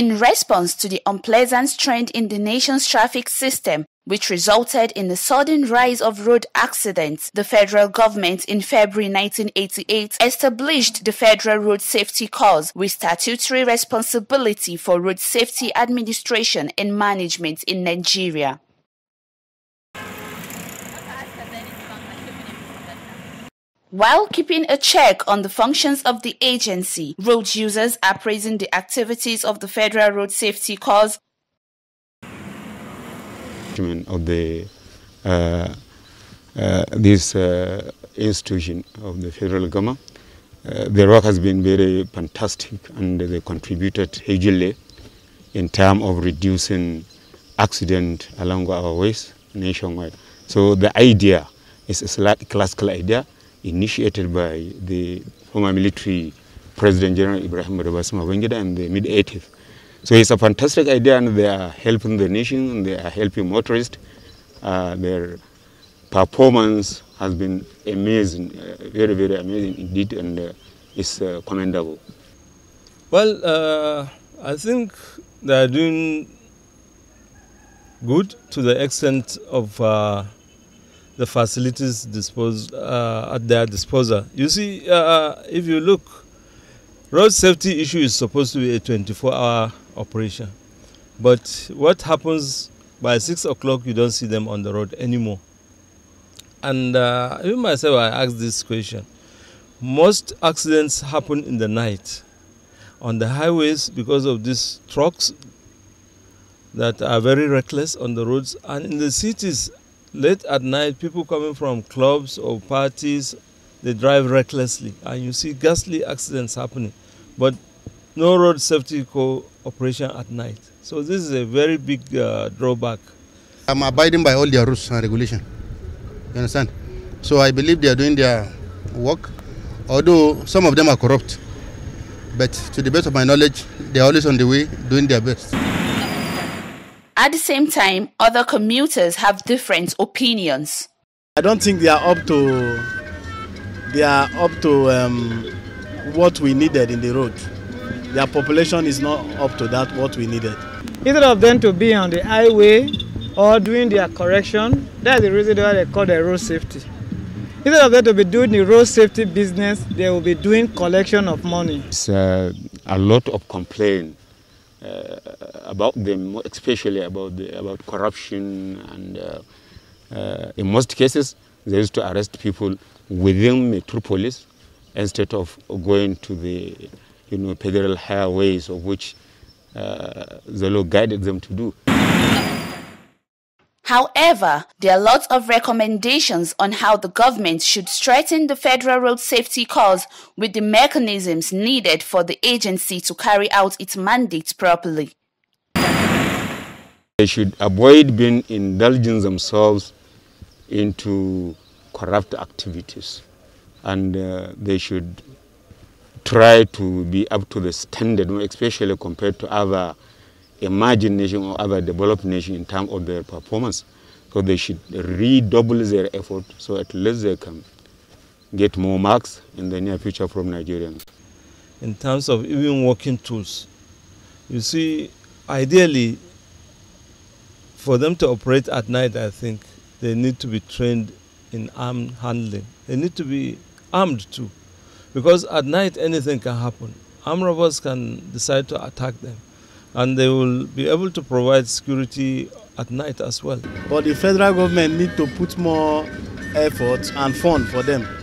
In response to the unpleasant trend in the nation's traffic system, which resulted in the sudden rise of road accidents, the federal government in February 1988 established the Federal Road Safety Corps with statutory responsibility for road safety administration and management in Nigeria. While keeping a check on the functions of the agency, road users are praising the activities of the Federal Road Safety Corps. Of the, uh, uh, this uh, institution of the federal government, uh, their work has been very fantastic and they contributed hugely in terms of reducing accident along our ways nationwide. So the idea is a classical idea initiated by the former military President General Ibrahim Rabasim Babangida in the mid-80s. So it's a fantastic idea and they are helping the nation, and they are helping motorists. Uh, their performance has been amazing, uh, very, very amazing indeed and uh, it's uh, commendable. Well, uh, I think they are doing good to the extent of uh, the facilities disposed uh, at their disposal. You see, uh, uh, if you look, road safety issue is supposed to be a 24-hour operation. But what happens by 6 o'clock, you don't see them on the road anymore. And uh, even myself, I asked this question. Most accidents happen in the night on the highways because of these trucks that are very reckless on the roads and in the cities Late at night, people coming from clubs or parties, they drive recklessly and you see ghastly accidents happening. But no road safety cooperation at night. So this is a very big uh, drawback. I'm abiding by all their rules and regulation. You understand? So I believe they are doing their work, although some of them are corrupt. But to the best of my knowledge, they are always on the way doing their best. At the same time, other commuters have different opinions. I don't think they are up to they are up to um, what we needed in the road. Their population is not up to that what we needed. Either of them to be on the highway or doing their correction, that's the reason why they call the road safety. Instead of them to be doing the road safety business, they will be doing collection of money. It's uh, a lot of complaint uh, about them, especially about, the, about corruption. And uh, uh, in most cases, they used to arrest people within metropolis instead of going to the you know, federal highways of which uh, the law guided them to do. However, there are lots of recommendations on how the government should strengthen the federal road safety cause with the mechanisms needed for the agency to carry out its mandates properly. They should avoid being indulging themselves into corrupt activities and uh, they should try to be up to the standard, especially compared to other emerging nations or other developed nations in terms of their performance. So they should redouble their effort so at least they can get more marks in the near future from Nigerians. In terms of even working tools, you see, ideally for them to operate at night, I think they need to be trained in arm handling. They need to be armed too, because at night anything can happen. Armed robbers can decide to attack them, and they will be able to provide security at night as well. But the federal government need to put more effort and fund for them